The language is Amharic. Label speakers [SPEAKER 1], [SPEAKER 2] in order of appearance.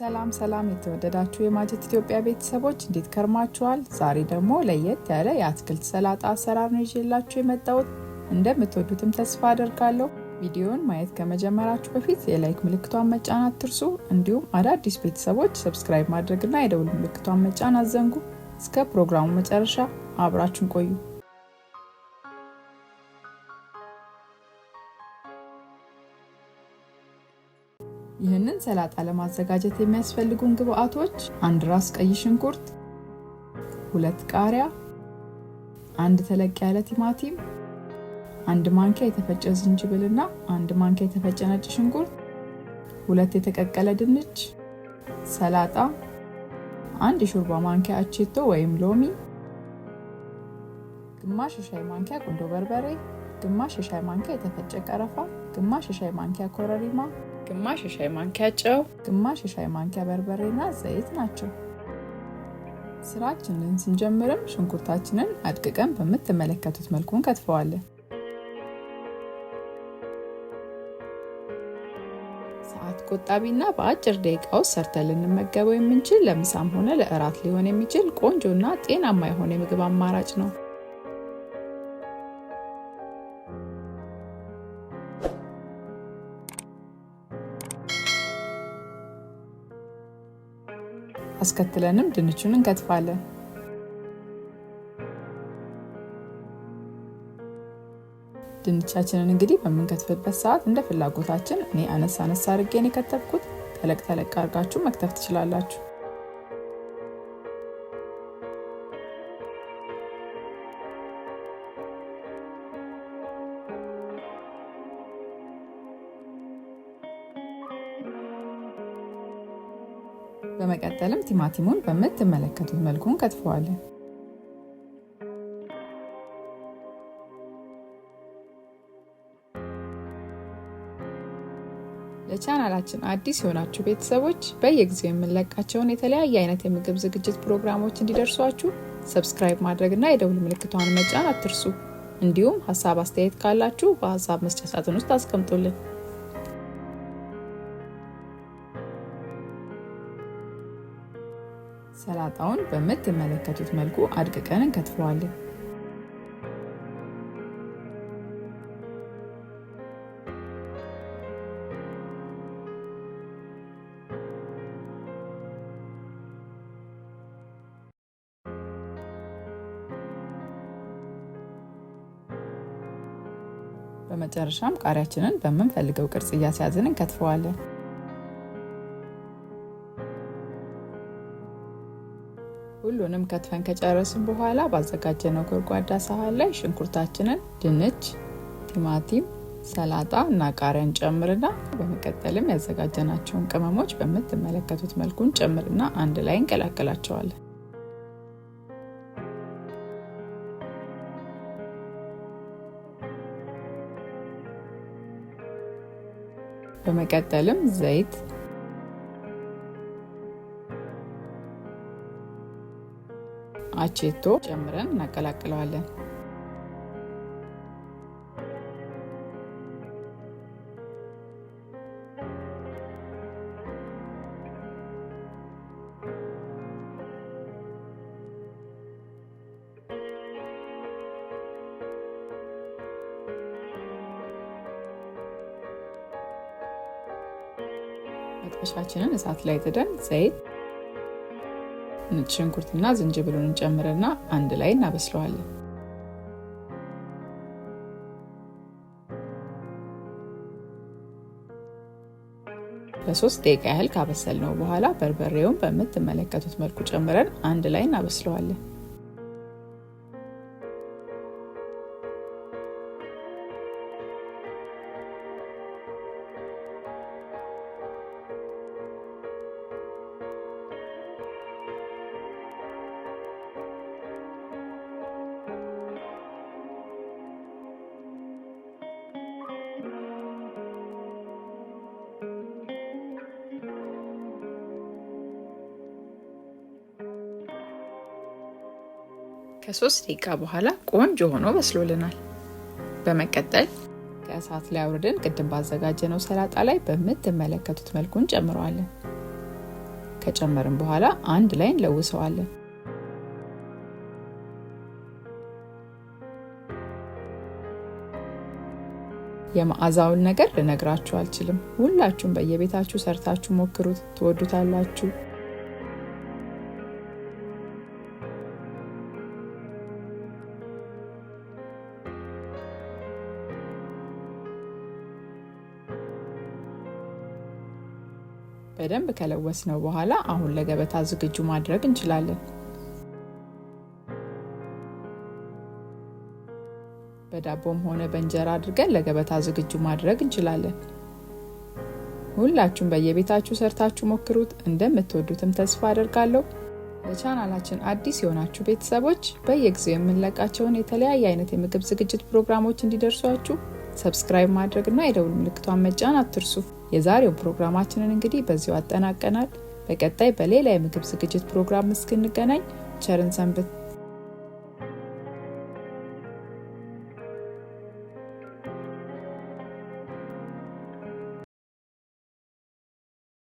[SPEAKER 1] ሰላም ሰላም የተወደዳችሁ የማጀት ኢትዮጵያ ቤተሰቦች እንዴት ከርማችኋል? ዛሬ ደግሞ ለየት ያለ የአትክልት ሰላጣ አሰራር ነው ይዤላችሁ የመጣሁት። እንደምትወዱትም ተስፋ አደርጋለሁ። ቪዲዮን ማየት ከመጀመራችሁ በፊት የላይክ ምልክቷን መጫን አትርሱ። እንዲሁም አዳዲስ ቤተሰቦች ሰብስክራይብ ማድረግና የደውል ምልክቷን መጫን አዘንጉ። እስከ ፕሮግራሙ መጨረሻ አብራችን ቆዩ። ይህንን ሰላጣ ለማዘጋጀት የሚያስፈልጉን ግብአቶች አንድ ራስ ቀይ ሽንኩርት፣ ሁለት ቃሪያ፣ አንድ ተለቅ ያለ ቲማቲም፣ አንድ ማንኪያ የተፈጨ ዝንጅብል እና አንድ ማንኪያ የተፈጨ ነጭ ሽንኩርት፣ ሁለት የተቀቀለ ድንች፣ ሰላጣ፣ አንድ የሾርባ ማንኪያ አቼቶ ወይም ሎሚ፣ ግማሽ የሻይ ማንኪያ ቁንዶ በርበሬ፣ ግማሽ የሻይ ማንኪያ የተፈጨ ቀረፋ፣ ግማሽ የሻይ ማንኪያ
[SPEAKER 2] ኮረሪማ ግማሽ የሻይ ማንኪያ
[SPEAKER 1] ጨው፣ ግማሽ የሻይ ማንኪያ በርበሬና ዘይት ናቸው። ስራችንን ስንጀምርም ሽንኩርታችንን አድቅቀን በምትመለከቱት መልኩ እንከትፈዋለን። ሰዓት ቆጣቢና በአጭር ደቂቃ ውስጥ ሰርተን ልንመገበው የምንችል ለምሳም ሆነ ለእራት ሊሆን የሚችል ቆንጆና ጤናማ የሆነ የምግብ አማራጭ ነው። አስከትለንም ድንቹን እንከትፋለን። ድንቻችንን እንግዲህ በምንከትፍበት ሰዓት እንደ ፍላጎታችን እኔ አነስ አነስ አድርጌን የከተፍኩት ተለቅ ተለቅ አድርጋችሁ መክተፍ ትችላላችሁ። በመቀጠልም ቲማቲሙን በምትመለከቱት መልኩ እንከትፈዋለን። ለቻናላችን አዲስ የሆናችሁ ቤተሰቦች በየጊዜው የምንለቃቸውን የተለያየ አይነት የምግብ ዝግጅት ፕሮግራሞች እንዲደርሷችሁ ሰብስክራይብ እና የደውል ምልክቷን መጫን አትርሱ። እንዲሁም ሀሳብ አስተያየት ካላችሁ በሀሳብ መስጫ ሳጥን ውስጥ አስቀምጡልን። ሰላጣውን በምትመለከቱት መልኩ አድቅቀን እንከትፈዋለን። በመጨረሻም ቃሪያችንን በምንፈልገው ቅርጽ እያስያዝን እንከትፈዋለን። ሁሉንም ከትፈን ከጨረስን በኋላ ባዘጋጀነው ጎድጓዳ ሳህን ላይ ሽንኩርታችንን፣ ድንች፣ ቲማቲም፣ ሰላጣ እና ቃሪያን ጨምርና በመቀጠልም ያዘጋጀናቸውን ቅመሞች በምትመለከቱት መልኩን ጨምርና አንድ ላይ እንቀላቅላቸዋለን። በመቀጠልም ዘይት አቼቶ ጨምረን እናቀላቅለዋለን። መጥበሻችንን እሳት ላይ ትደን ዘይት ነጭ ሽንኩርትና ዝንጅብሉን እንጨምርና አንድ ላይ እናበስለዋለን። ለሶስት ደቂቃ ያህል ካበሰልነው በኋላ በርበሬውን በምትመለከቱት መልኩ ጨምረን አንድ ላይ እናበስለዋለን። ከሶስት ደቂቃ በኋላ ቆንጆ ሆኖ በስሎልናል። በመቀጠል ከእሳት ላይ አውርደን ቅድም ባዘጋጀነው ሰላጣ ላይ በምትመለከቱት መልኩ እንጨምረዋለን። ከጨመርን በኋላ አንድ ላይ እንለውሰዋለን። የመዓዛውን ነገር ልነግራችሁ አልችልም። ሁላችሁም በየቤታችሁ ሰርታችሁ ሞክሩት፣ ትወዱታላችሁ። በደንብ ከለወስነው በኋላ አሁን ለገበታ ዝግጁ ማድረግ እንችላለን። በዳቦም ሆነ በእንጀራ አድርገን ለገበታ ዝግጁ ማድረግ እንችላለን። ሁላችሁም በየቤታችሁ ሰርታችሁ ሞክሩት። እንደምትወዱትም ተስፋ አደርጋለሁ። ለቻናላችን አዲስ የሆናችሁ ቤተሰቦች በየጊዜው የምንለቃቸውን የተለያየ አይነት የምግብ ዝግጅት ፕሮግራሞች እንዲደርሷችሁ ሰብስክራይብ ማድረግና የደውል ምልክቷን መጫን አትርሱ። የዛሬው ፕሮግራማችንን እንግዲህ በዚሁ አጠናቀናል። በቀጣይ በሌላ የምግብ ዝግጅት ፕሮግራም እስክንገናኝ ቸርን ሰንብት።